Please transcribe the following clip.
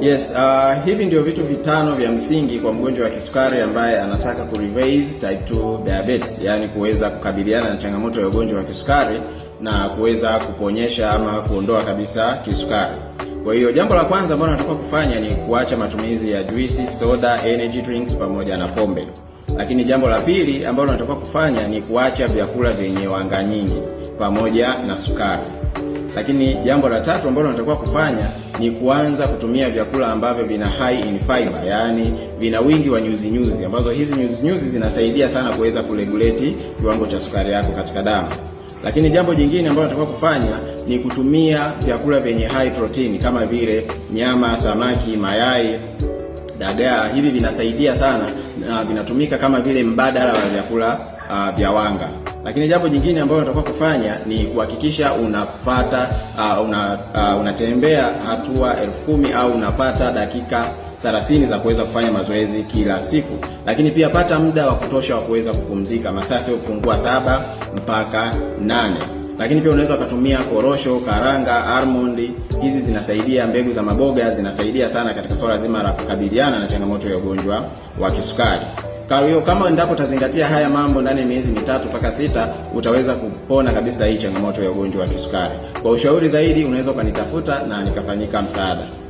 Yes, uh, hivi ndio vitu vitano vya msingi kwa mgonjwa wa kisukari ambaye anataka ku revise type 2 diabetes, yaani kuweza kukabiliana na changamoto ya ugonjwa wa kisukari na kuweza kuponyesha ama kuondoa kabisa kisukari. Kwa hiyo jambo la kwanza ambalo natakiwa kufanya ni kuacha matumizi ya juisi, soda, energy drinks pamoja na pombe. Lakini jambo la pili ambalo unatakiwa kufanya ni kuacha vyakula vyenye wanga nyingi pamoja na sukari. Lakini jambo la tatu ambalo unatakiwa kufanya ni kuanza kutumia vyakula ambavyo vina high in fiber, yaani vina wingi wa nyuzi nyuzi, ambazo hizi nyuzi nyuzi zinasaidia sana kuweza kuregulate kiwango cha sukari yako katika damu. Lakini jambo jingine ambalo natakiwa kufanya ni kutumia vyakula vyenye high protein kama vile nyama, samaki, mayai dagaa. Hivi vinasaidia sana na vinatumika kama vile mbadala wa vyakula uh, vya wanga. Lakini jambo jingine ambayo unatakiwa kufanya ni kuhakikisha unapata uh, una, uh, unatembea hatua elfu kumi au unapata dakika 30 za kuweza kufanya mazoezi kila siku. Lakini pia pata muda wa kutosha wa kuweza kupumzika, masaa kupungua saba mpaka nane lakini pia unaweza ukatumia korosho, karanga, almond. Hizi zinasaidia, mbegu za maboga zinasaidia sana katika swala zima la kukabiliana na changamoto ya ugonjwa wa kisukari. Kwa hiyo kama endapo utazingatia haya mambo ndani ya miezi mitatu mpaka sita, utaweza kupona kabisa hii changamoto ya ugonjwa wa kisukari. Kwa ushauri zaidi, unaweza ukanitafuta na nikafanyika msaada.